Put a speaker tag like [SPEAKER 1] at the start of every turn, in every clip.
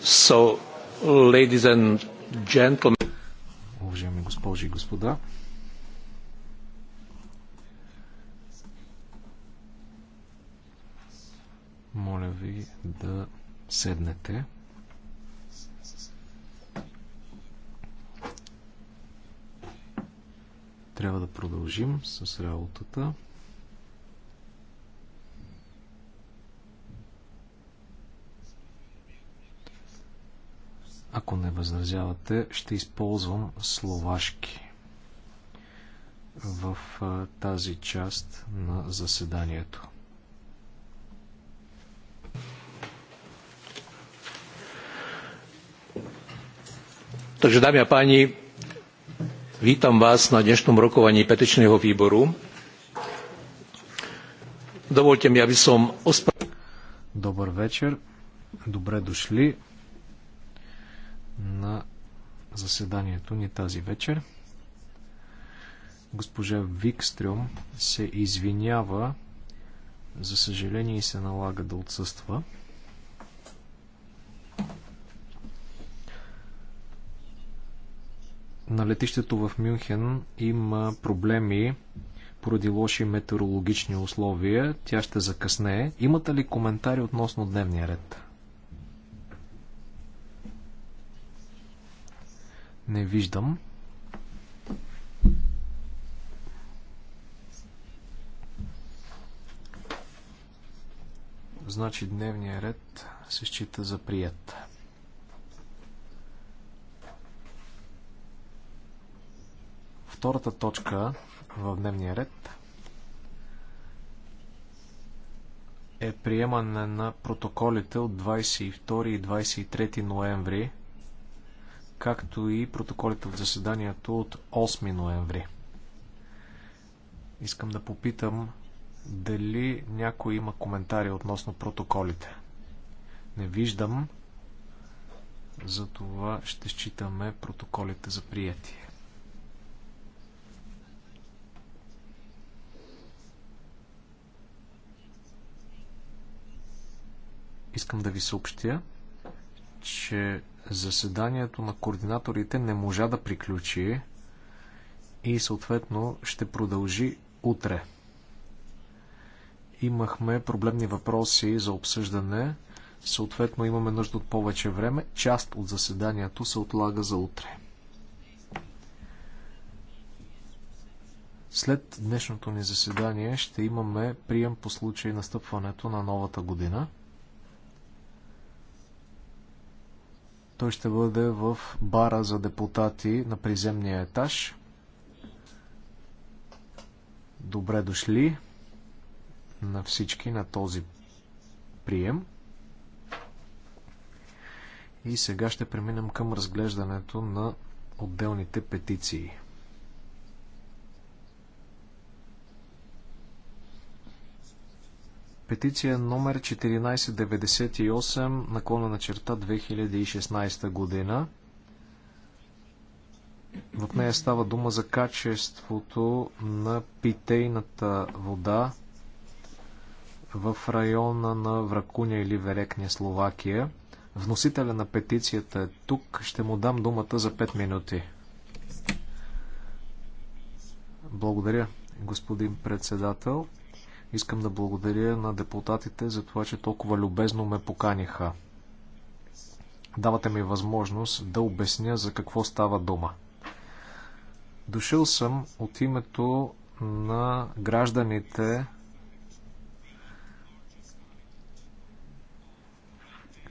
[SPEAKER 1] So, ladies and gentlemen. Уважаеми госпожи и господа, моля ви да седнете. Трябва да продължим с работата. Ако не възразявате, ще използвам словашки в тази част на заседанието. Takže, dámy a páni, vítam vás na dnešnom rokovaní petičného výboru. Dovolte mi, aby som... ospravedlnil... Добър večer, dobre došli на заседанието ни тази вечер. Госпожа Викстрюм се извинява, за съжаление се налага да отсъства. На летището в Мюнхен има проблеми поради лоши метеорологични условия. Тя ще закъсне. Имате ли коментари относно дневния ред? Не виждам. Значи дневния ред се счита за прият. Втората точка в дневния ред е приемане на протоколите от 22 и 23 ноември както и протоколите в заседанието от 8 ноември. Искам да попитам дали някой има коментари относно протоколите. Не виждам. Затова ще считаме протоколите за приятие. Искам да ви съобщя, че Заседанието на координаторите не можа да приключи и съответно ще продължи утре. Имахме проблемни въпроси за обсъждане, съответно имаме нужда от повече време. Част от заседанието се отлага за утре. След днешното ни заседание ще имаме прием по случай настъпването на новата година – Той ще бъде в бара за депутати на приземния етаж. Добре дошли на всички на този прием. И сега ще преминем към разглеждането на отделните петиции. Петиция номер 1498 наклона на черта 2016 година. В нея става дума за качеството на питейната вода в района на Вракуня или Верекня, Словакия. Вносителя на петицията е тук. Ще му дам думата за 5 минути. Благодаря, господин председател. Искам да благодаря на депутатите за това, че толкова любезно ме поканиха. Давате ми възможност да обясня за какво става дума. Дошъл съм от името на гражданите,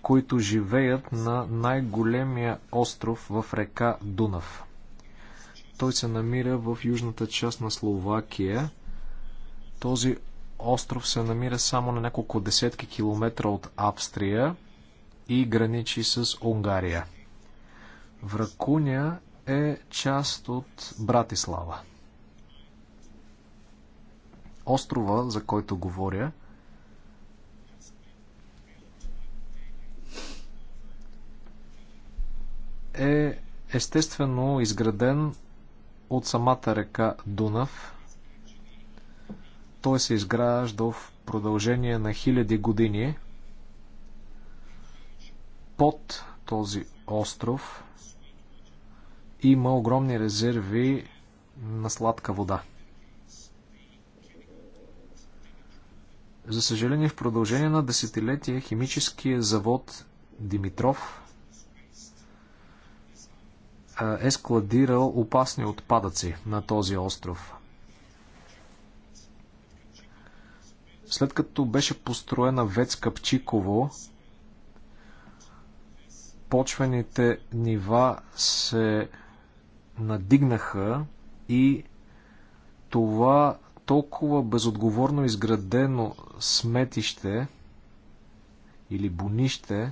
[SPEAKER 1] които живеят на най-големия остров в река Дунав. Той се намира в южната част на Словакия. Този остров се намира само на няколко десетки километра от Австрия и граничи с Унгария. Вракуня е част от Братислава. Острова, за който говоря, е естествено изграден от самата река Дунав – той се изгражда в продължение на хиляди години под този остров има огромни резерви на сладка вода. За съжаление, в продължение на десетилетия химическия завод Димитров е складирал опасни отпадъци на този остров. След като беше построена Вец Капчиково, почвените нива се надигнаха и това толкова безотговорно изградено сметище или бунище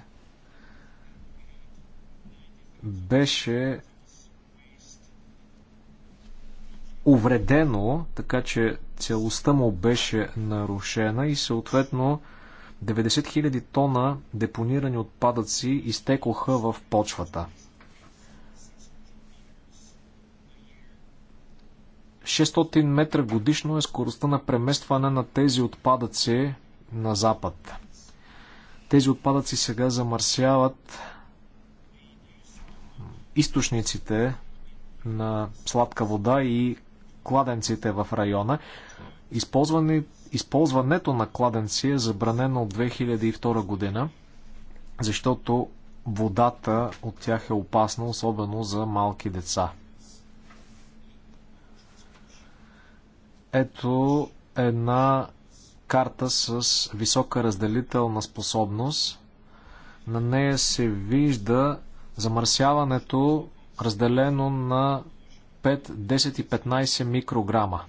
[SPEAKER 1] беше увредено, така че целостта му беше нарушена и съответно 90 000 тона депонирани отпадъци изтекоха в почвата. 600 метра годишно е скоростта на преместване на тези отпадъци на запад. Тези отпадъци сега замърсяват източниците на сладка вода и кладенците в района. Използване, използването на кладенци е забранено от 2002 година, защото водата от тях е опасна, особено за малки деца. Ето една карта с висока разделителна способност. На нея се вижда замърсяването разделено на 5, 10 и 15 микрограма.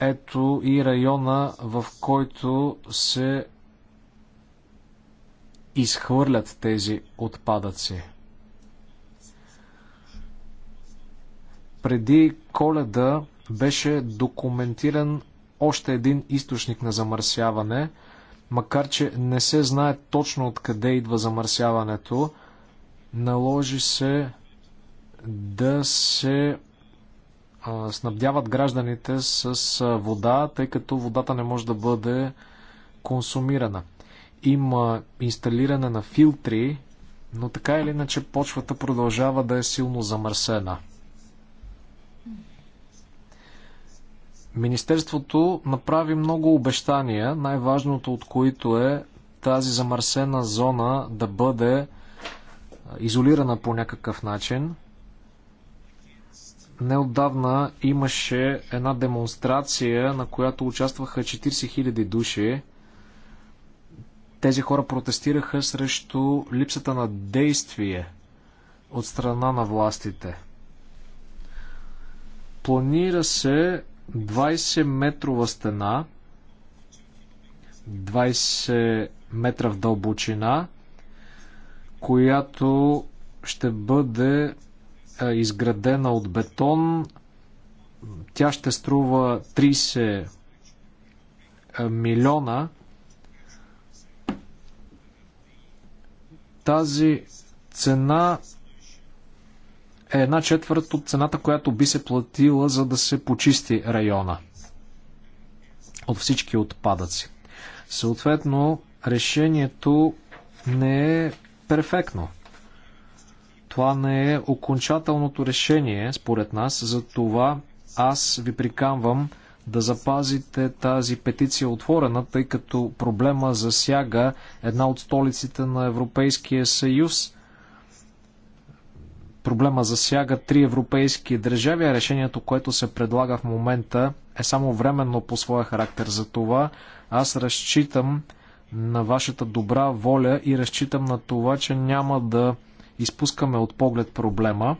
[SPEAKER 1] Ето и района, в който се изхвърлят тези отпадъци. Преди коледа беше документиран още един източник на замърсяване, макар че не се знае точно откъде идва замърсяването, наложи се да се снабдяват гражданите с вода, тъй като водата не може да бъде консумирана. Има инсталиране на филтри, но така или иначе почвата продължава да е силно замърсена. Министерството направи много обещания, най-важното от които е тази замърсена зона да бъде изолирана по някакъв начин – Неотдавна имаше една демонстрация, на която участваха 40 000 души. Тези хора протестираха срещу липсата на действие от страна на властите. Планира се 20 метрова стена, 20 метра в дълбочина, която ще бъде е изградена от бетон. Тя ще струва 30 е, милиона. Тази цена е една четвърт от цената, която би се платила, за да се почисти района от всички отпадъци. Съответно, решението не е перфектно. Това не е окончателното решение, според нас, за това аз ви приканвам да запазите тази петиция отворена, тъй като проблема засяга една от столиците на Европейския съюз. Проблема засяга три европейски държави, а решението, което се предлага в момента е само временно по своя характер. За това аз разчитам на вашата добра воля и разчитам на това, че няма да изпускаме от поглед проблема.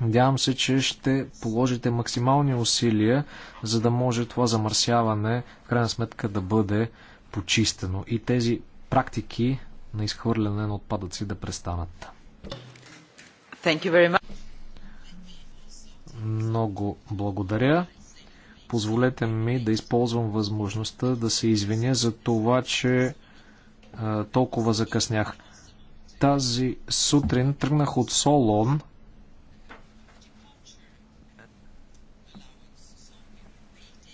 [SPEAKER 1] Надявам се, че ще положите максимални усилия, за да може това замърсяване в крайна сметка да бъде почистено и тези практики на изхвърляне на отпадъци да престанат. Thank you very much. Много благодаря. Позволете ми да използвам възможността да се извиня за това, че толкова закъснях. Тази сутрин тръгнах от Солон.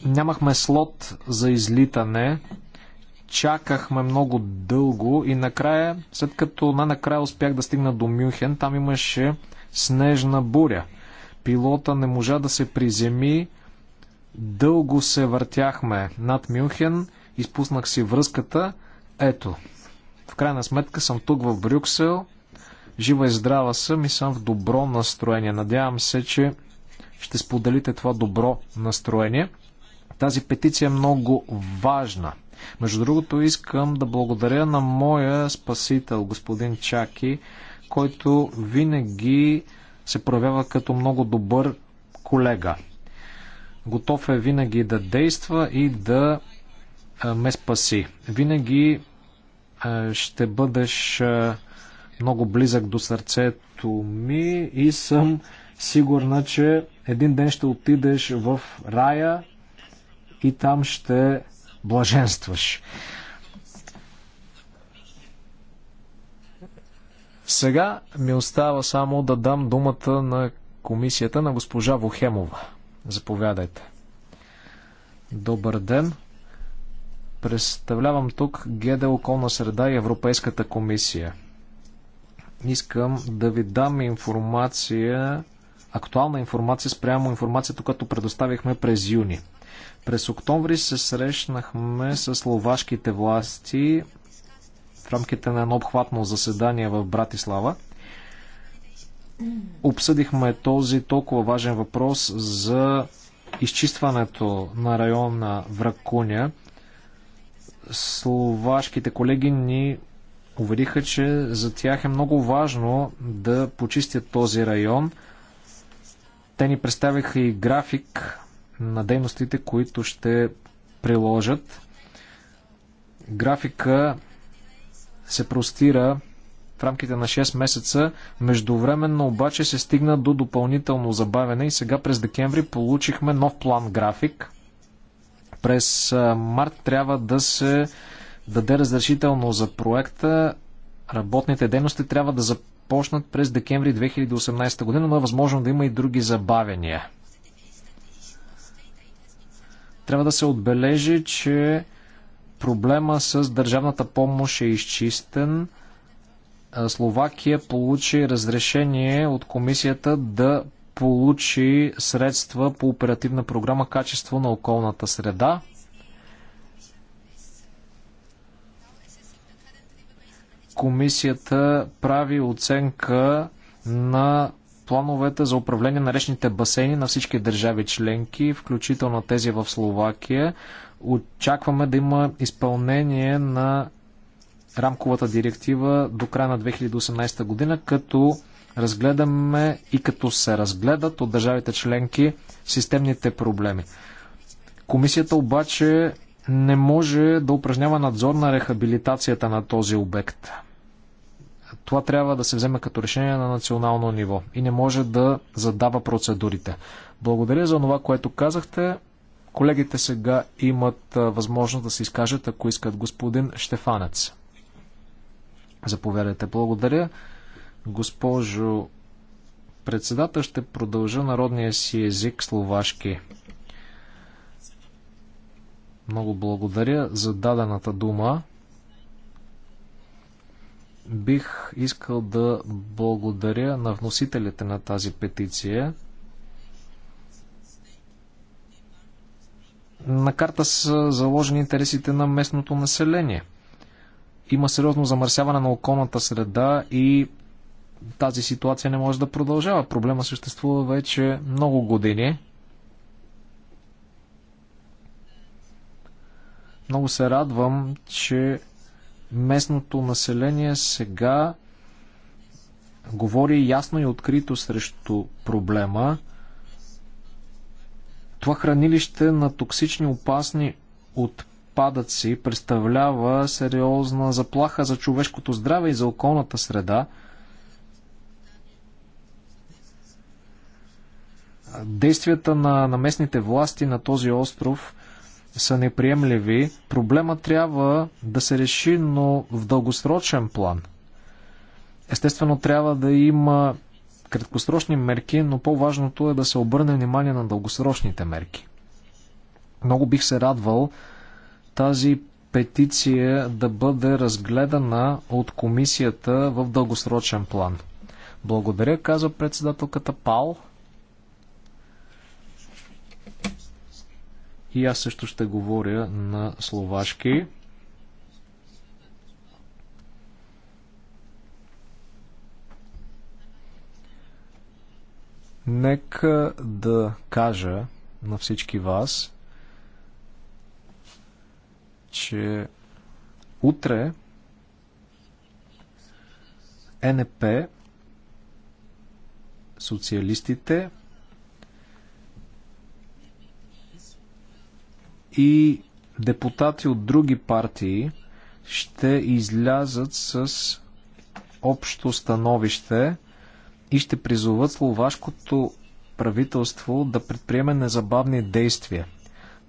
[SPEAKER 1] Нямахме слот за излитане. Чакахме много дълго и накрая, след като накрая успях да стигна до Мюнхен, там имаше снежна буря. Пилота не можа да се приземи. Дълго се въртяхме над Мюнхен, изпуснах си връзката. Ето, в крайна сметка съм тук в Брюксел, жива и здрава съм и съм в добро настроение. Надявам се, че ще споделите това добро настроение. Тази петиция е много важна. Между другото, искам да благодаря на моя спасител, господин Чаки, който винаги се проявява като много добър колега. Готов е винаги да действа и да ме спаси. Винаги е, ще бъдеш е, много близък до сърцето ми и съм сигурна, че един ден ще отидеш в рая и там ще блаженстваш. Сега ми остава само да дам думата на комисията на госпожа Вохемова. Заповядайте. Добър ден. Представлявам тук ГД Околна среда и Европейската комисия. Искам да ви дам информация, актуална информация спрямо информацията, която предоставихме през юни. През октомври се срещнахме с словашките власти в рамките на едно обхватно заседание в Братислава. Обсъдихме този толкова важен въпрос за изчистването на района Вракуня. Словашките колеги ни увериха, че за тях е много важно да почистят този район. Те ни представиха и график на дейностите, които ще приложат. Графика се простира в рамките на 6 месеца. Междувременно обаче се стигна до допълнително забавене и сега през декември получихме нов план график. През март трябва да се даде разрешително за проекта. Работните дейности трябва да започнат през декември 2018 година, но е възможно да има и други забавения. Трябва да се отбележи, че проблема с държавната помощ е изчистен. Словакия получи разрешение от комисията да получи средства по оперативна програма Качество на околната среда. Комисията прави оценка на плановете за управление на речните басейни на всички държави членки, включително тези в Словакия. Очакваме да има изпълнение на рамковата директива до края на 2018 година, като разгледаме и като се разгледат от държавите членки системните проблеми. Комисията обаче не може да упражнява надзор на рехабилитацията на този обект. Това трябва да се вземе като решение на национално ниво и не може да задава процедурите. Благодаря за това, което казахте. Колегите сега имат възможност да се изкажат, ако искат господин Штефанец. Заповядайте. Благодаря. Госпожо председател, ще продължа народния си език словашки. Много благодаря за дадената дума. Бих искал да благодаря на вносителите на тази петиция. На карта са заложени интересите на местното население. Има сериозно замърсяване на околната среда и тази ситуация не може да продължава. Проблема съществува вече много години. Много се радвам, че местното население сега говори ясно и открито срещу проблема. Това хранилище на токсични опасни отпадъци представлява сериозна заплаха за човешкото здраве и за околната среда. действията на, на местните власти на този остров са неприемливи. Проблема трябва да се реши, но в дългосрочен план. Естествено, трябва да има краткосрочни мерки, но по-важното е да се обърне внимание на дългосрочните мерки. Много бих се радвал тази петиция да бъде разгледана от комисията в дългосрочен план. Благодаря, казва председателката Пал. И аз също ще говоря на словашки. Нека да кажа на всички вас, че утре НП, социалистите, и депутати от други партии ще излязат с общо становище и ще призоват словашкото правителство да предприеме незабавни действия,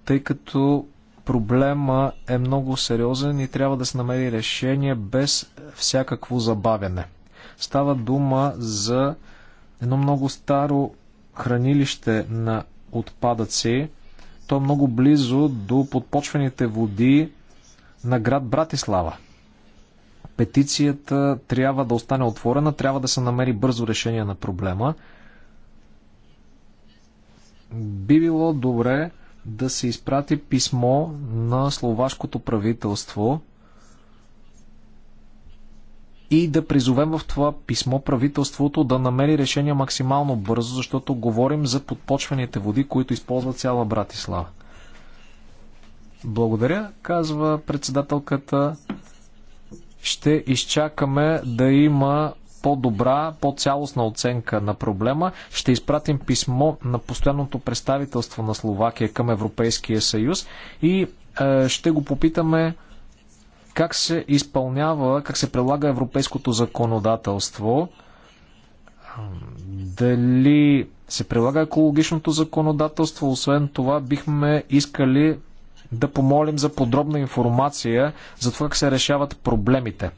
[SPEAKER 1] тъй като проблема е много сериозен и трябва да се намери решение без всякакво забавяне. Става дума за едно много старо хранилище на отпадъци, то е много близо до подпочвените води на град Братислава. Петицията трябва да остане отворена, трябва да се намери бързо решение на проблема. Би било добре да се изпрати писмо на словашкото правителство – и да призовем в това писмо правителството да намери решение максимално бързо, защото говорим за подпочвените води, които използва цяла Братислава. Благодаря, казва председателката. Ще изчакаме да има по-добра, по-цялостна оценка на проблема. Ще изпратим писмо на постоянното представителство на Словакия към Европейския съюз и е, ще го попитаме как се изпълнява, как се прилага европейското законодателство, дали се прилага екологичното законодателство, освен това бихме искали да помолим за подробна информация за това как се решават проблемите,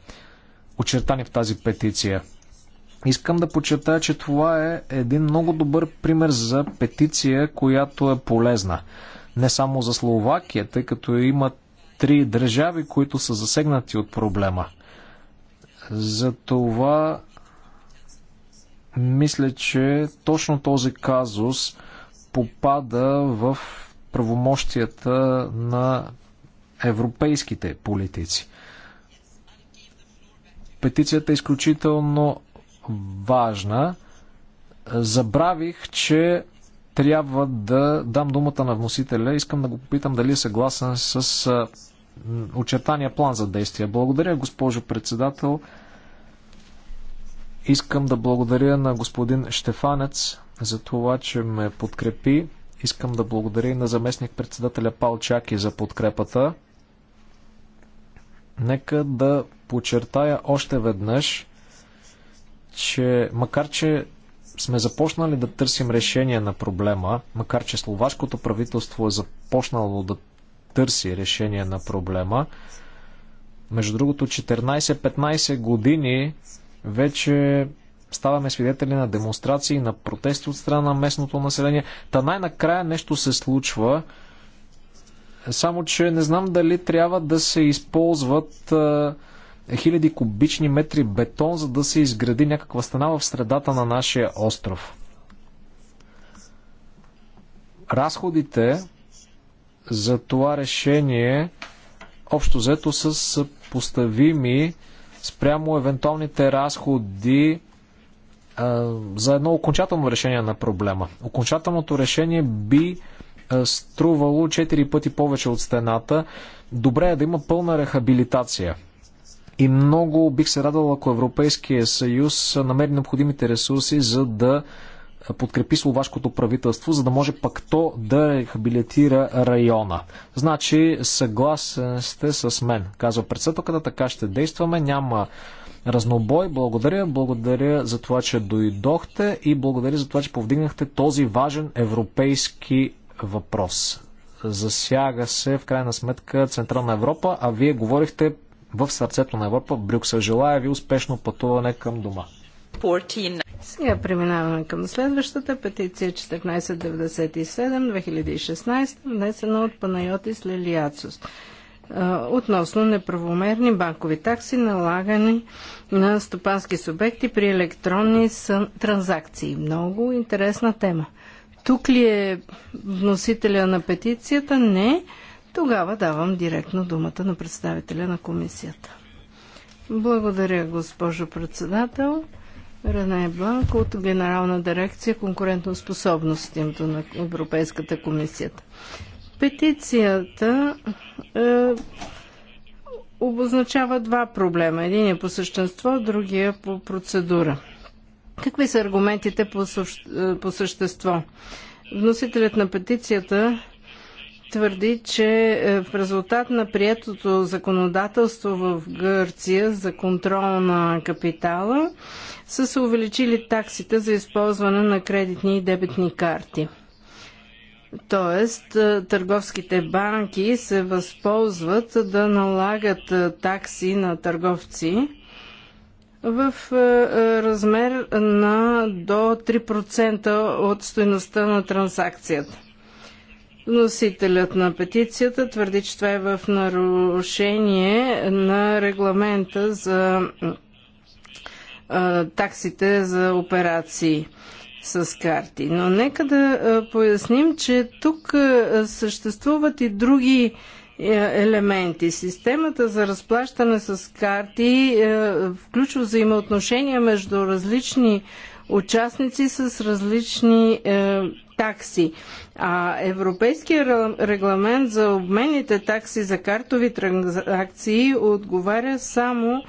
[SPEAKER 1] очертани в тази петиция. Искам да подчертая, че това е един много добър пример за петиция, която е полезна. Не само за Словакия, тъй като имат три държави, които са засегнати от проблема. Затова мисля, че точно този казус попада в правомощията на европейските политици. Петицията е изключително важна. Забравих, че трябва да дам думата на вносителя. Искам да го попитам дали е съгласен с очертания план за действия. Благодаря, госпожо председател. Искам да благодаря на господин Штефанец за това, че ме подкрепи. Искам да благодаря и на заместник председателя Пал Чаки за подкрепата. Нека да подчертая още веднъж, че макар, че сме започнали да търсим решение на проблема, макар че словашкото правителство е започнало да търси решение на проблема. Между другото, 14-15 години вече ставаме свидетели на демонстрации, на протести от страна на местното население. Та най-накрая нещо се случва. Само, че не знам дали трябва да се използват хиляди кубични метри бетон, за да се изгради някаква стена в средата на нашия остров. Разходите за това решение, общо взето са съпоставими спрямо евентуалните разходи а, за едно окончателно решение на проблема. Окончателното решение би а, струвало 4 пъти повече от стената. Добре е да има пълна рехабилитация. И много бих се радвал, ако Европейския съюз намери необходимите ресурси, за да подкрепи словашкото правителство, за да може пък то да рехабилитира района. Значи, съгласен сте с мен, казва председателката, така ще действаме, няма разнобой. Благодаря, благодаря за това, че дойдохте и благодаря за това, че повдигнахте този важен европейски въпрос. Засяга се в крайна сметка Централна Европа, а вие говорихте в сърцето на Европа, Брюксел. Желая ви успешно пътуване към дома.
[SPEAKER 2] 14. Сега преминаваме към следващата петиция 1497-2016, внесена от Панайотис Лелиацус относно неправомерни банкови такси, налагани на стопански субекти при електронни транзакции. Много интересна тема. Тук ли е вносителя на петицията? Не. Тогава давам директно думата на представителя на комисията. Благодаря, госпожо председател. Рене Бланк от Генерална дирекция конкурентно способност името на Европейската комисията. Петицията е, обозначава два проблема. Един е по същество, другия е по процедура. Какви са аргументите по, е, по същество? Вносителят на петицията твърди, че е, в резултат на приетото законодателство в Гърция за контрол на капитала са се увеличили таксите за използване на кредитни и дебетни карти. Тоест, е, търговските банки се възползват да налагат е, такси на търговци в размер на до 3% от стоеността на транзакцията. Носителят на петицията твърди, че това е в нарушение на регламента за таксите за операции с карти. Но нека да поясним, че тук съществуват и други е, елементи. Системата за разплащане с карти е, включва взаимоотношения между различни участници с различни е, такси. А Европейския регламент за обменните такси за картови транзакции отговаря само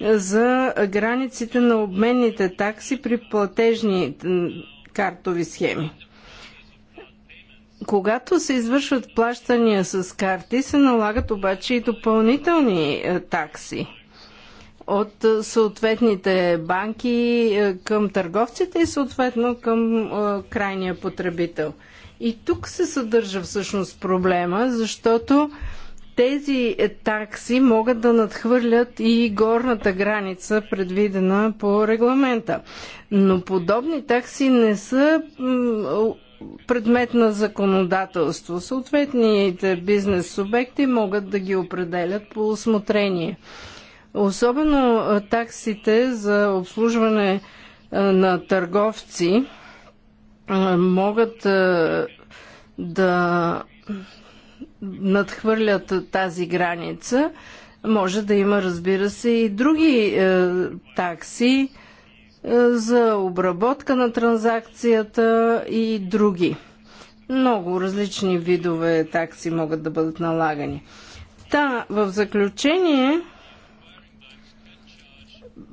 [SPEAKER 2] за границите на обменните такси при платежни картови схеми. Когато се извършват плащания с карти, се налагат обаче и допълнителни е, такси от е, съответните банки е, към търговците и съответно към е, крайния потребител. И тук се съдържа всъщност проблема, защото тези такси могат да надхвърлят и горната граница, предвидена по регламента. Но подобни такси не са предмет на законодателство. Съответните бизнес субекти могат да ги определят по осмотрение. Особено таксите за обслужване на търговци могат да надхвърлят тази граница. Може да има, разбира се, и други е, такси е, за обработка на транзакцията и други. Много различни видове такси могат да бъдат налагани. Та, в заключение,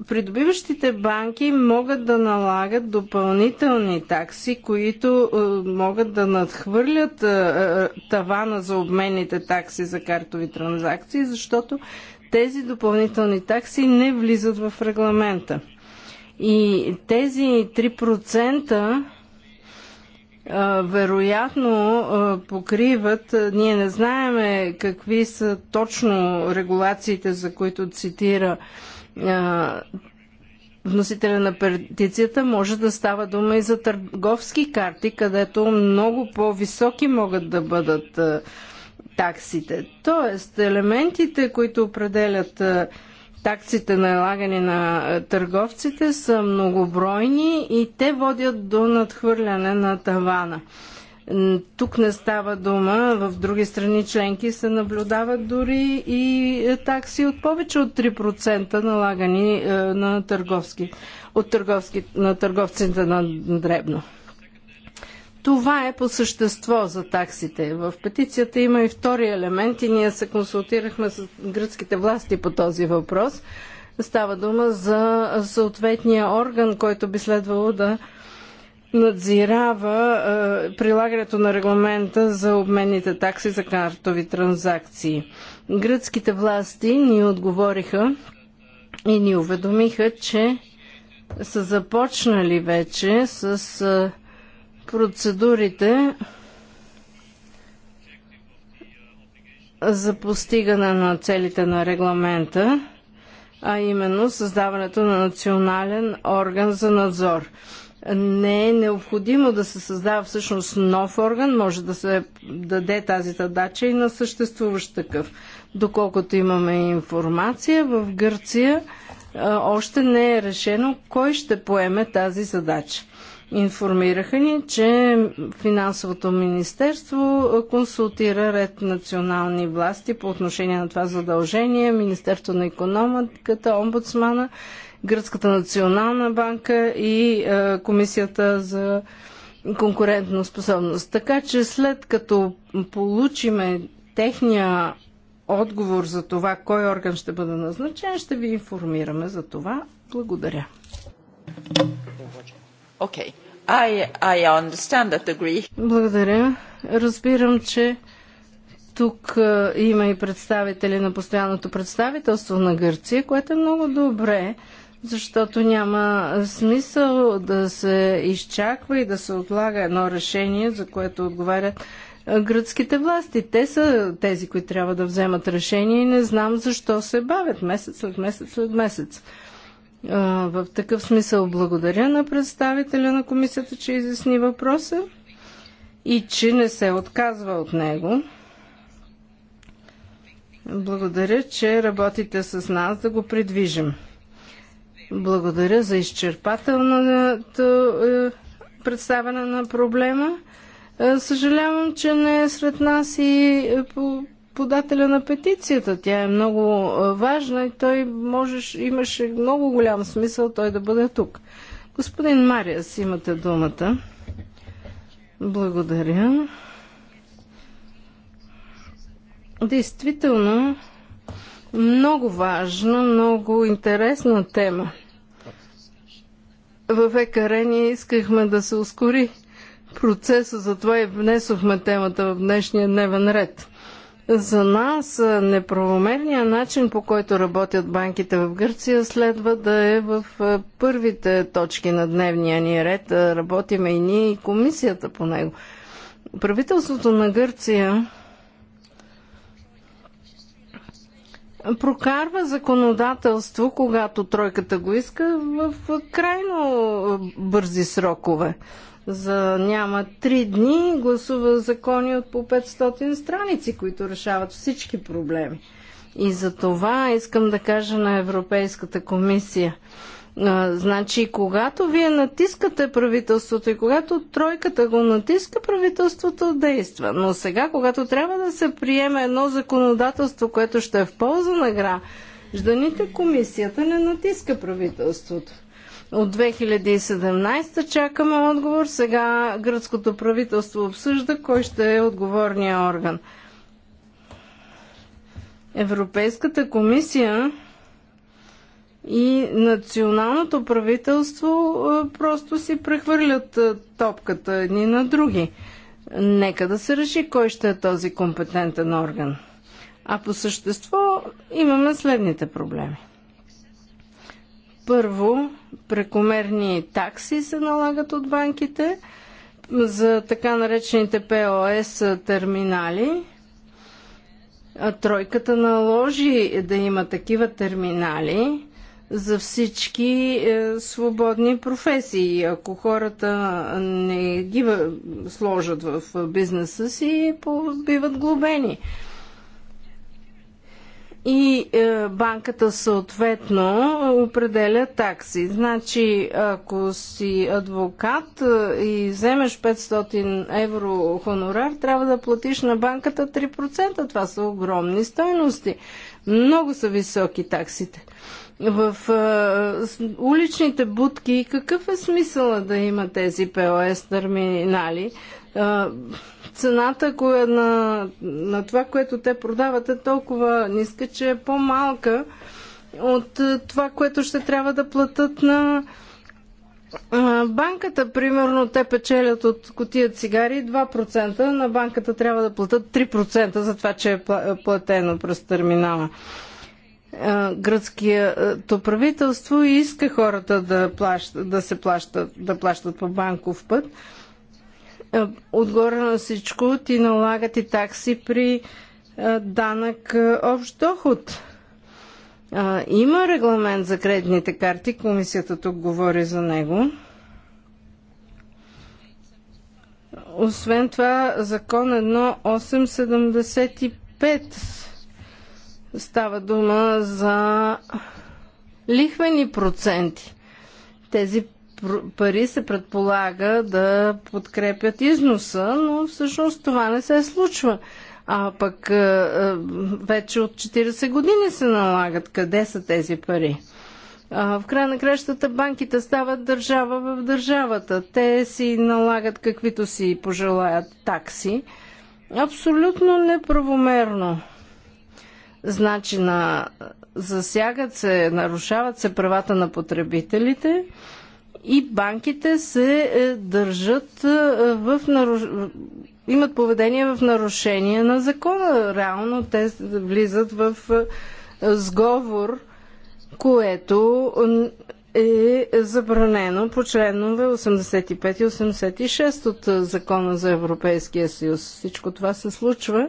[SPEAKER 2] придобиващите банки могат да налагат допълнителни такси, които е, могат да надхвърлят е, е, тавана за обменните такси за картови транзакции, защото тези допълнителни такси не влизат в регламента. И тези 3% вероятно покриват, ние не знаеме какви са точно регулациите, за които цитира вносителя на петицията може да става дума и за търговски карти, където много по-високи могат да бъдат таксите. Тоест, елементите, които определят таксите налагани на търговците са многобройни и те водят до надхвърляне на тавана. Тук не става дума, в други страни членки се наблюдават дори и е, такси от повече от 3% налагани е, на, търговски, от търговски, на търговците на дребно. Това е по същество за таксите. В петицията има и втори елемент и ние се консултирахме с гръцките власти по този въпрос. Става дума за съответния орган, който би следвало да надзирава прилагането на регламента за обменните такси за картови транзакции. Гръцките власти ни отговориха и ни уведомиха, че са започнали вече с процедурите за постигане на целите на регламента, а именно създаването на национален орган за надзор не е необходимо да се създава всъщност нов орган, може да се даде тази задача и на съществуващ такъв. Доколкото имаме информация, в Гърция още не е решено кой ще поеме тази задача. Информираха ни, че Финансовото министерство консултира ред национални власти по отношение на това задължение, Министерство на економиката, омбудсмана, Гръцката национална банка и е, Комисията за конкурентна способност. Така че след като получиме техния отговор за това кой орган ще бъде назначен, ще ви информираме за това. Благодаря. Okay. I, I understand that the Greek... Благодаря. Разбирам, че тук е, има и представители на постоянното представителство на Гърция, което е много добре, защото няма смисъл да се изчаква и да се отлага едно решение, за което отговарят е, гръцките власти. Те са тези, които трябва да вземат решение и не знам защо се бавят месец след месец след месец. В такъв смисъл благодаря на представителя на комисията, че изясни въпроса и че не се отказва от него. Благодаря, че работите с нас да го придвижим. Благодаря за изчерпателното е, представяне на проблема. Е, съжалявам, че не е сред нас и е, по подателя на петицията. Тя е много важна и той можеш, имаше много голям смисъл той да бъде тук. Господин Мариас, имате думата. Благодаря. Действително, много важна, много интересна тема. В ЕКР ние искахме да се ускори процеса, затова и внесохме темата в днешния дневен ред. За нас е, неправомерният начин, по който работят банките в Гърция, следва да е в е, първите точки на дневния ни ред. Е, работиме и ние, и комисията по него. Правителството на Гърция прокарва законодателство, когато тройката го иска, в крайно бързи срокове за няма три дни гласува закони от по 500 страници, които решават всички проблеми. И за това искам да кажа на Европейската комисия. А, значи, когато вие натискате правителството и когато тройката го натиска, правителството действа. Но сега, когато трябва да се приеме едно законодателство, което ще е в полза на жданите комисията не натиска правителството. От 2017 чакаме отговор. Сега гръцкото правителство обсъжда кой ще е отговорния орган. Европейската комисия и националното правителство просто си прехвърлят топката едни на други. Нека да се реши кой ще е този компетентен орган. А по същество имаме следните проблеми. Първо, прекомерни такси се налагат от банките за така наречените ПОС терминали. Тройката наложи да има такива терминали за всички е, свободни професии. Ако хората не ги сложат в бизнеса си, биват глобени и е, банката съответно определя такси. Значи, ако си адвокат е, и вземеш 500 евро хонорар, трябва да платиш на банката 3%. Това са огромни стойности. Много са високи таксите. В е, уличните будки какъв е смисъла да има тези ПОС терминали? Е, цената кое на, на това, което те продават е толкова ниска, че е по-малка от е, това, което ще трябва да платят на банката. Примерно те печелят от котия цигари 2%, на банката трябва да платят 3% за това, че е, е платено през терминала Гръцкието правителство иска хората да, плащат, да се плащат, да плащат по банков път. Е, Отгоре на всичко ти налагат и такси при е, данък е, общ доход. Има регламент за кредитните карти, комисията тук говори за него. Освен това, закон 1875 става дума за лихвени проценти. Тези пари се предполага да подкрепят износа, но всъщност това не се случва. А пък е, е, вече от 40 години се налагат. Къде са тези пари? В края на кращата банките стават държава в държавата. Те си налагат каквито си пожелаят такси. Абсолютно неправомерно. Значи на... засягат се, нарушават се правата на потребителите и банките се е, държат е, в наруш... имат поведение в нарушение на закона. Реално те влизат в е, сговор, което е забранено по членове 85 и 86 от Закона за Европейския съюз. Всичко това се случва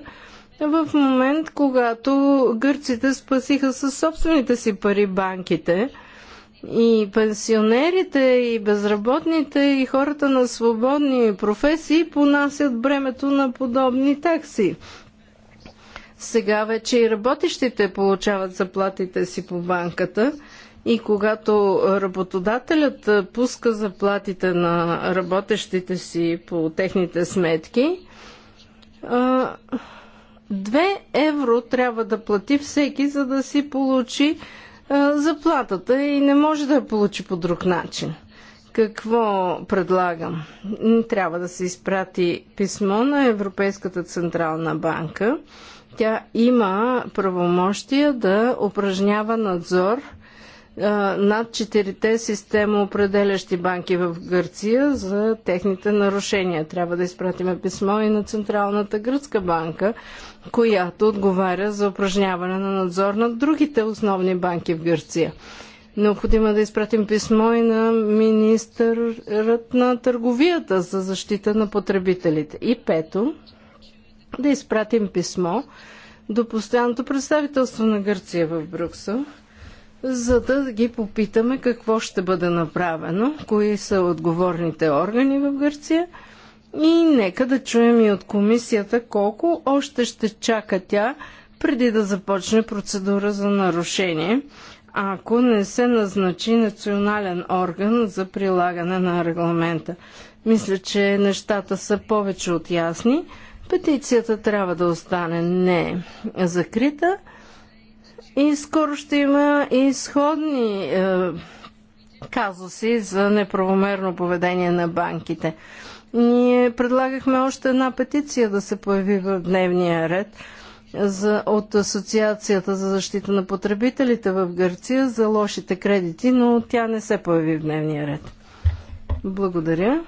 [SPEAKER 2] в момент, когато гърците спасиха със собствените си пари банките – и пенсионерите, и безработните, и хората на свободни професии понасят бремето на подобни такси. Сега вече и работещите получават заплатите си по банката. И когато работодателят пуска заплатите на работещите си по техните сметки, 2 евро трябва да плати всеки, за да си получи заплатата и не може да я получи по друг начин. Какво предлагам? Трябва да се изпрати писмо на Европейската централна банка. Тя има правомощия да упражнява надзор – над четирите система определящи банки в Гърция за техните нарушения. Трябва да изпратим писмо и на Централната гръцка банка, която отговаря за упражняване на надзор на другите основни банки в Гърция. Необходимо е да изпратим писмо и на министърът на търговията за защита на потребителите. И пето, да изпратим писмо до постоянното представителство на Гърция в Брюксел – за да ги попитаме какво ще бъде направено, кои са отговорните органи в Гърция и нека да чуем и от комисията колко още ще чака тя преди да започне процедура за нарушение, ако не се назначи национален орган за прилагане на регламента. Мисля, че нещата са повече от ясни. Петицията трябва да остане не закрита и скоро ще има изходни е, казуси за неправомерно поведение на банките. Ние предлагахме още една петиция да се появи в дневния ред за, от Асоциацията за защита на потребителите в Гърция за лошите кредити, но тя не се появи в дневния ред. Благодаря.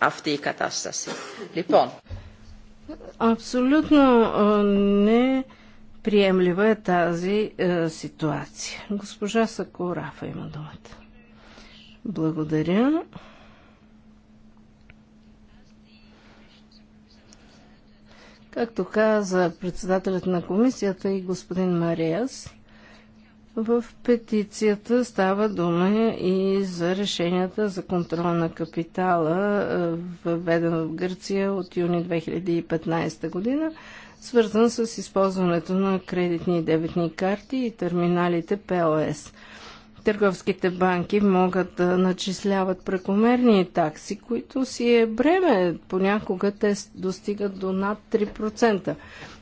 [SPEAKER 2] Авти и κατάσταση. Λοιπόν. Абсолютно е, не приемлива е тази е, ситуация. Госпожа Сакурафа има думата. Благодаря. Както каза председателят на комисията и господин Мариас, в петицията става дума и за решенията за контрол на капитала, е, въведено в Гърция от юни 2015 година свързан с използването на кредитни и дебетни карти и терминалите ПОС. Търговските банки могат да начисляват прекомерни такси, които си е бреме. Понякога те достигат до над 3%.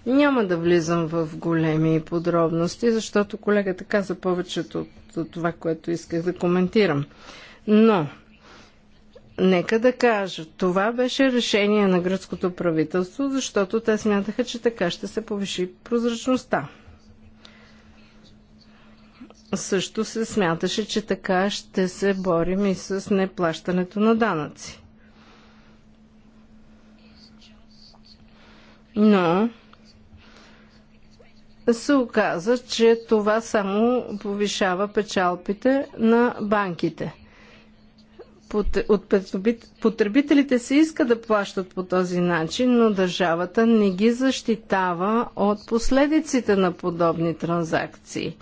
[SPEAKER 2] Няма да влизам в големи подробности, защото колегата каза повечето от това, което исках да коментирам. Но Нека да кажа, това беше решение на гръцкото правителство, защото те смятаха, че така ще се повиши прозрачността. Също се смяташе, че така ще се борим и с неплащането на данъци. Но се оказа, че това само повишава печалпите на банките – от потребителите се иска да плащат по този начин, но държавата не ги защитава от последиците на подобни транзакции.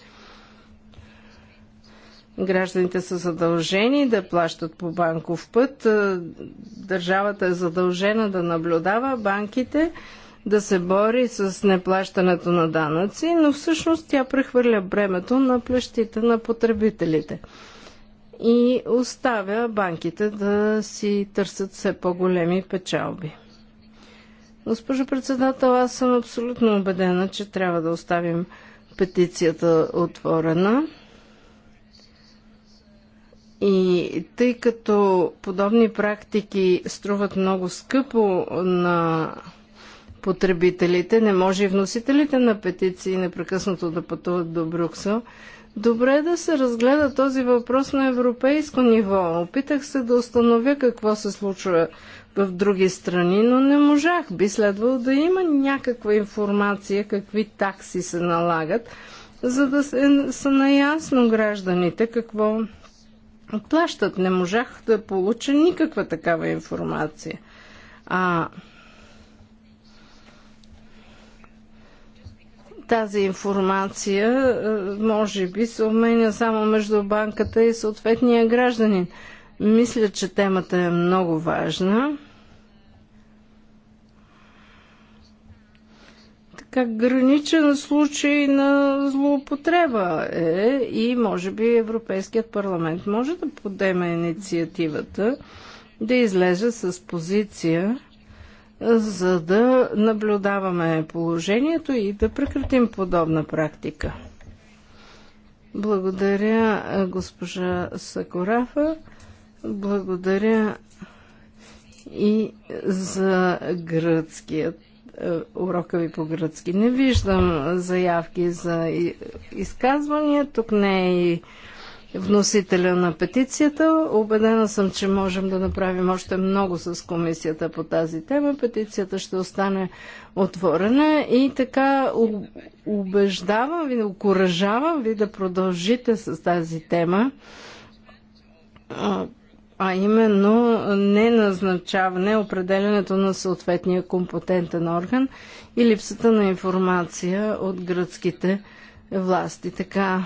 [SPEAKER 2] Гражданите са задължени да плащат по банков път. Е, държавата е задължена да наблюдава банките, да се бори с неплащането на данъци, но всъщност тя прехвърля бремето на плещите на потребителите и оставя банките да си търсят все по-големи печалби. Госпожо председател, аз съм абсолютно убедена, че трябва да оставим петицията отворена. И тъй като подобни практики струват много скъпо на потребителите, не може и вносителите на петиции непрекъснато да пътуват до Брюксел, Добре да се разгледа този въпрос на европейско ниво. Опитах се да установя какво се случва в други страни, но не можах. Би следвало да има някаква информация какви такси се налагат, за да се, са наясно гражданите какво плащат. Не можах да получа никаква такава информация. А Тази информация е, може би се обменя само между банката и съответния гражданин. Мисля, че темата е много важна. Така граничен случай на злоупотреба е и може би Европейският парламент може да подеме инициативата да излезе с позиция за да наблюдаваме положението и да прекратим подобна практика. Благодаря, е, госпожа Сакорафа. Благодаря и за гръцкият е, урока ви по гръцки. Не виждам заявки за изказвания. Тук не е и вносителя на петицията. Обедена съм, че можем да направим още много с комисията по тази тема. Петицията ще остане отворена и така убеждавам ви, окоръжавам ви да продължите с тази тема а именно не назначаване, определенето на съответния компетентен орган и липсата на информация от гръцките власти. Така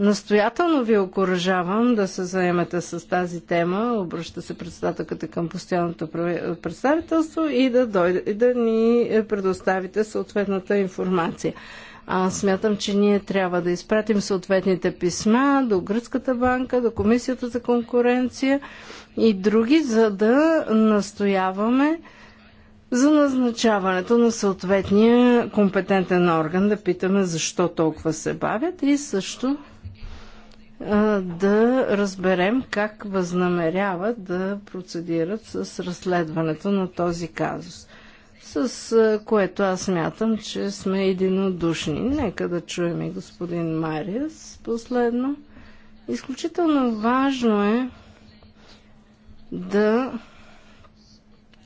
[SPEAKER 2] Настоятелно ви окоръжавам да се заемете с тази тема, обръща се председателката към постоянното представителство и да, дойде, да ни предоставите съответната информация. Аз смятам, че ние трябва да изпратим съответните писма до Гръцката банка, до Комисията за конкуренция и други, за да настояваме за назначаването на съответния компетентен орган, да питаме защо толкова се бавят и също да разберем как възнамеряват да процедират с разследването на този казус. С което аз мятам, че сме единодушни. Нека да чуем и господин Мариас последно. Изключително важно е да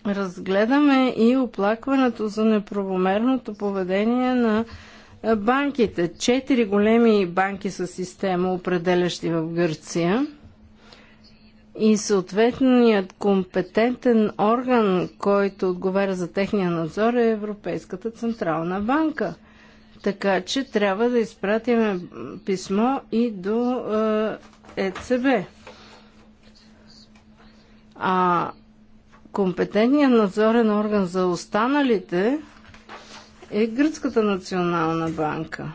[SPEAKER 2] разгледаме и оплакването за неправомерното поведение на банките. Четири големи банки са система, определящи в Гърция. И съответният компетентен орган, който отговаря за техния надзор е Европейската Централна банка. Така че трябва да изпратим писмо и до е, ЕЦБ. А компетентният надзорен орган за останалите е Гръцката национална банка.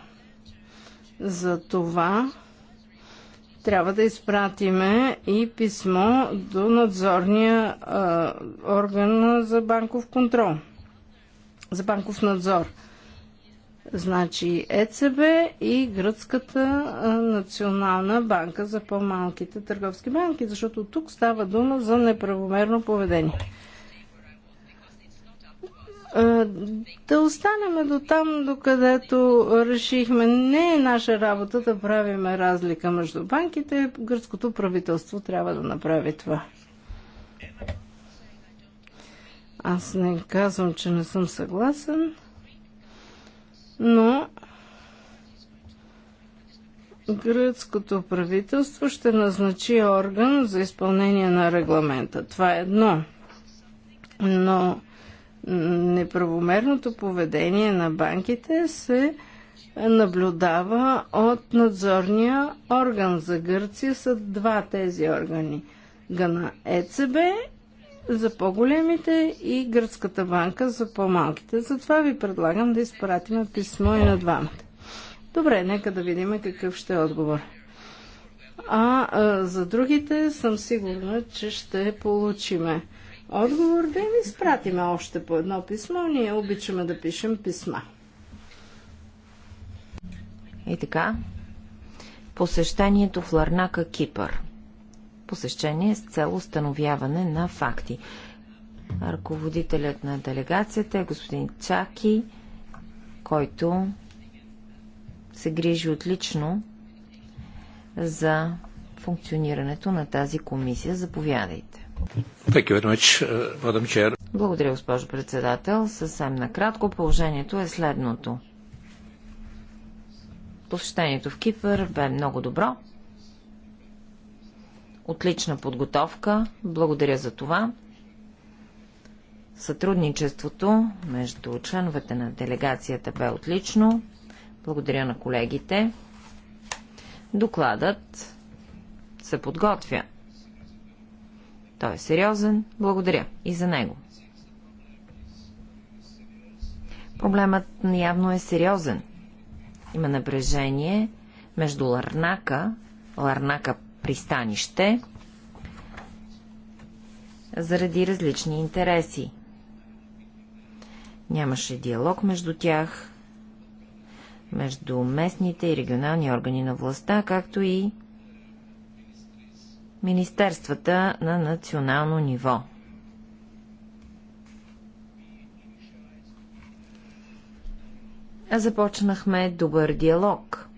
[SPEAKER 2] За това трябва да изпратиме и писмо до надзорния а, орган за банков контрол, за банков надзор. Значи ЕЦБ и Гръцката национална банка за по-малките търговски банки, защото тук става дума за неправомерно поведение. Да останем до там, докъдето решихме. Не е наша работа да правим разлика между банките. Гръцкото правителство трябва да направи това. Аз не казвам, че не съм съгласен, но гръцкото правителство ще назначи орган за изпълнение на регламента. Това е едно. Но неправомерното поведение на банките се наблюдава от надзорния орган. За Гърция са два тези органи. Гана ЕЦБ за по-големите и Гръцката банка за по-малките. Затова ви предлагам да изпратим писмо и на двамата. Добре, нека да видим какъв ще е отговор. А, а за другите съм сигурна, че ще получиме отговор, да им изпратиме още по едно писмо. Ние обичаме да пишем писма. И така,
[SPEAKER 3] посещението в Ларнака, Кипър. Посещение с цел установяване на факти. Ръководителят на делегацията е господин Чаки, който се грижи отлично за функционирането на тази комисия. Заповядайте.
[SPEAKER 1] Uh,
[SPEAKER 3] Благодаря, госпожо председател. Съвсем накратко положението е следното. Посещението в Кипър бе много добро. Отлична подготовка. Благодаря за това. Сътрудничеството между членовете на делегацията бе отлично. Благодаря на колегите. Докладът се подготвя. Той е сериозен. Благодаря и за него. Проблемът явно е сериозен. Има напрежение между Ларнака, Ларнака пристанище, заради различни интереси. Нямаше диалог между тях, между местните и регионални органи на властта, както и министерствата на национално ниво. Започнахме добър диалог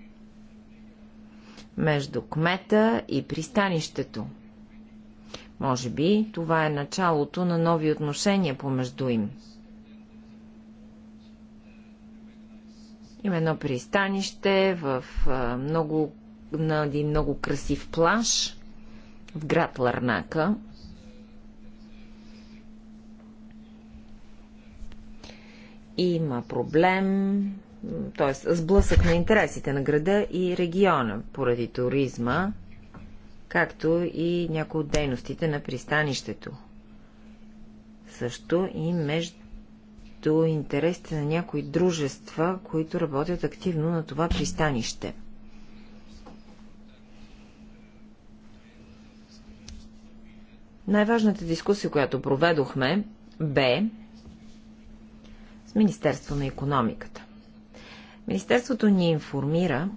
[SPEAKER 3] между кмета и пристанището. Може би това е началото на нови отношения помежду им. Има едно пристанище в много, на един много красив плаж в град Ларнака. Има проблем, т.е. сблъсък на интересите на града и региона поради туризма, както и някои от дейностите на пристанището. Също и между интересите на някои дружества, които работят активно на това пристанище. Най-важната дискусия, която проведохме, бе с Министерство на економиката. Министерството ни информира,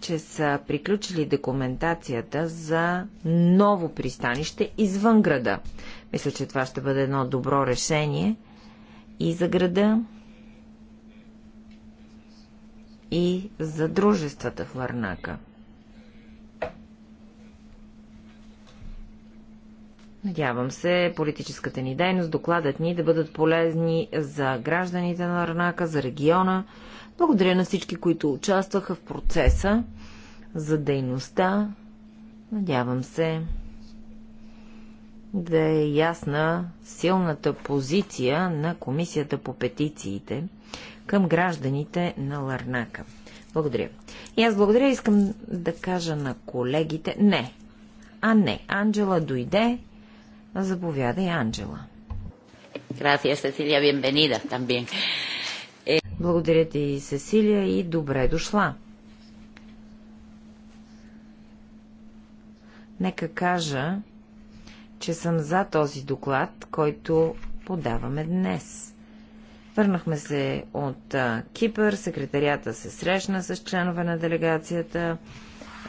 [SPEAKER 3] че са приключили документацията за ново пристанище извън града. Мисля, че това ще бъде едно добро решение и за града, и за дружествата в Ларнака – Надявам се политическата ни дейност, докладът ни да бъдат полезни за гражданите на Ранака, за региона. Благодаря на всички, които участваха в процеса, за дейността. Надявам се да е ясна силната позиция на Комисията по петициите към гражданите на Ларнака. Благодаря. И аз благодаря, искам да кажа на колегите. Не. А не. Анджела дойде Заповядай, Анджела. Gracias, Cecilia. Bienvenida también. Eh, Благодаря ти, Сесилия, и добре дошла. Нека кажа, че съм за този доклад, който подаваме днес. Върнахме се от Кипър, секретарията се срещна с членове на делегацията,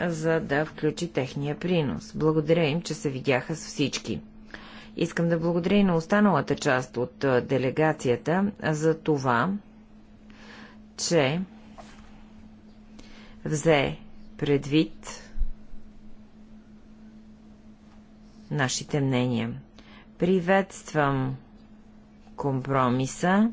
[SPEAKER 3] за да включи техния принос. Благодаря им, че се видяха с всички. Искам да благодаря и на останалата част от делегацията за това, че взе предвид нашите мнения. Приветствам компромиса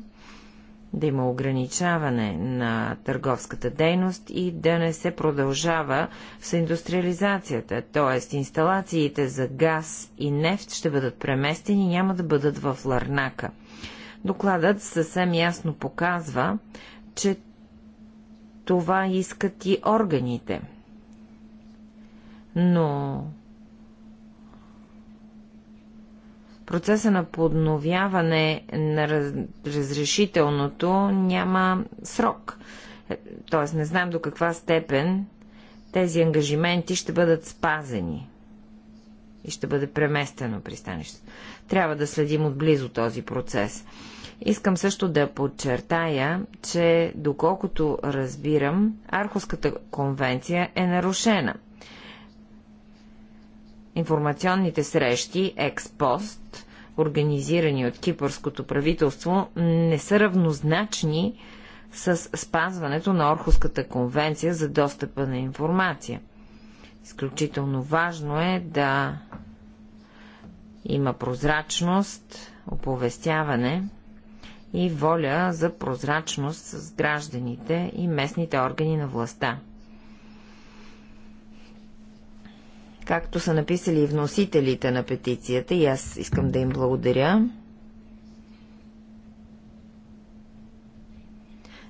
[SPEAKER 3] да има ограничаване на търговската дейност и да не се продължава с индустриализацията, т.е. инсталациите за газ и нефт ще бъдат преместени и няма да бъдат в Ларнака. Докладът съвсем ясно показва, че това искат и органите. Но процеса на подновяване на раз, разрешителното няма срок. Е, тоест не знам до каква степен тези ангажименти ще бъдат спазени и ще бъде преместено пристанището. Трябва да следим отблизо този процес. Искам също да подчертая, че доколкото разбирам, Архуската конвенция е нарушена – Информационните срещи експост, организирани от кипърското правителство, не са равнозначни с спазването на Орхуската конвенция за достъпа на информация. Изключително важно е да има прозрачност, оповестяване и воля за прозрачност с гражданите и местните органи на властта. както са написали и вносителите на петицията, и аз искам да им благодаря.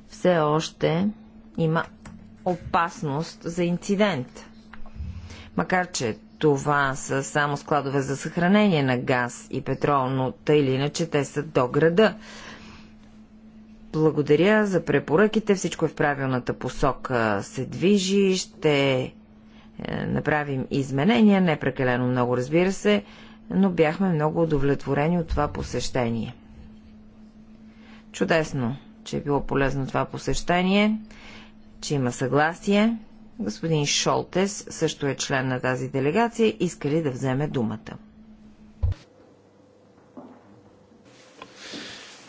[SPEAKER 3] Все още има опасност за инцидент. Макар, че това са само складове за съхранение на газ и петрол, но тъй или иначе те са до града. Благодаря за препоръките, всичко е в правилната посока се движи, ще е, направим изменения, не прекалено много, разбира се, но бяхме много удовлетворени от това посещение. Чудесно, че е било полезно това посещение, че има съгласие. Господин Шолтес също е член на тази делегация, иска ли да вземе думата.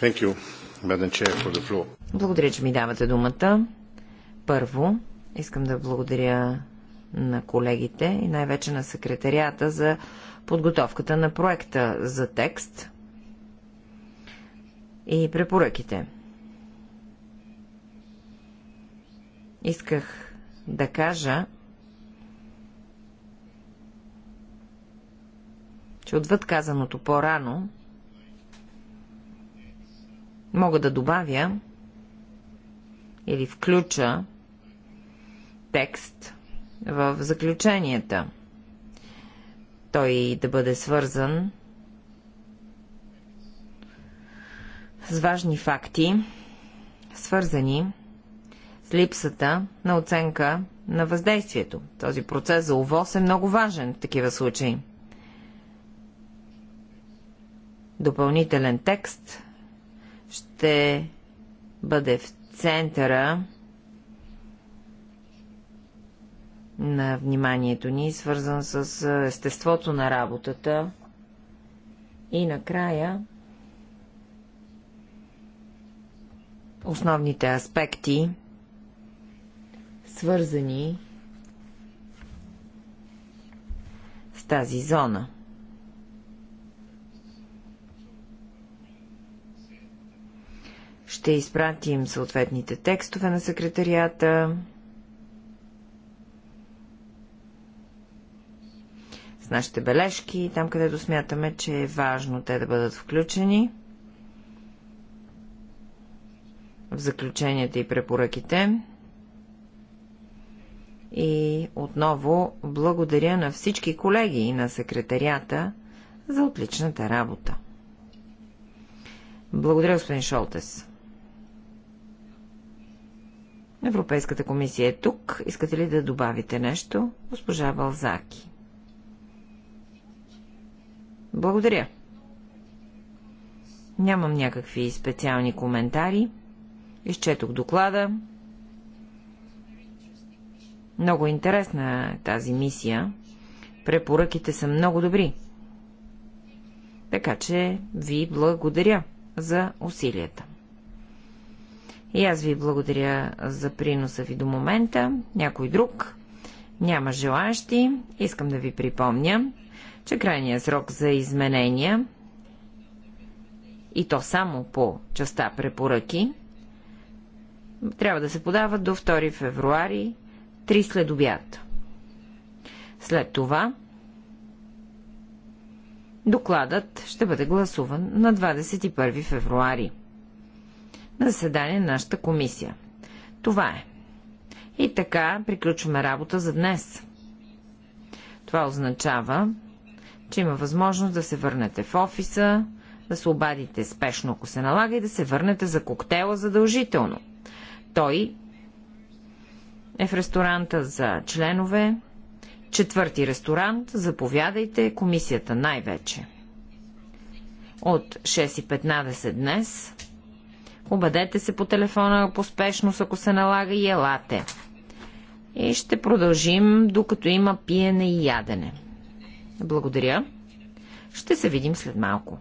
[SPEAKER 2] You, Chair,
[SPEAKER 3] Благодаря, че ми давате думата. Първо, искам да благодаря на колегите и най-вече на секретарията за подготовката на проекта за текст и препоръките. Исках да кажа, че отвъд казаното по-рано, мога да добавя или включа текст – в заключенията. Той да бъде свързан с важни факти, свързани с липсата на оценка на въздействието. Този процес за ОВОС е много важен в такива случаи. Допълнителен текст ще бъде в центъра на вниманието ни, свързан с естеството на работата. И накрая основните аспекти, свързани с тази зона. Ще изпратим съответните текстове на секретарията. с нашите бележки, там където смятаме, че е важно те да бъдат включени в заключенията и препоръките. И отново благодаря на всички колеги и на секретарията за отличната работа. Благодаря, господин Шолтес. Европейската комисия е тук. Искате ли да добавите нещо? Госпожа Балзаки. Благодаря. Нямам някакви специални коментари. Изчетох доклада. Много интересна е тази мисия. Препоръките са много добри. Така че ви благодаря за усилията. И аз ви благодаря за приноса ви до момента. Някой друг? Няма желаящи. Искам да ви припомня, че крайният срок за изменения и то само по частта препоръки трябва да се подава до 2 февруари, 3 след обяд. След това докладът ще бъде гласуван на 21 февруари на заседание на нашата комисия. Това е. И така приключваме работа за днес. Това означава, че има възможност да се върнете в офиса, да се обадите спешно, ако се налага, и да се върнете за коктейла задължително. Той е в ресторанта за членове, четвърти ресторант, заповядайте, комисията най-вече. От 6.15 днес Обадете се по телефона по спешност, ако се налага и елате. И ще продължим, докато има пиене и ядене. Благодаря. Ще се видим след малко.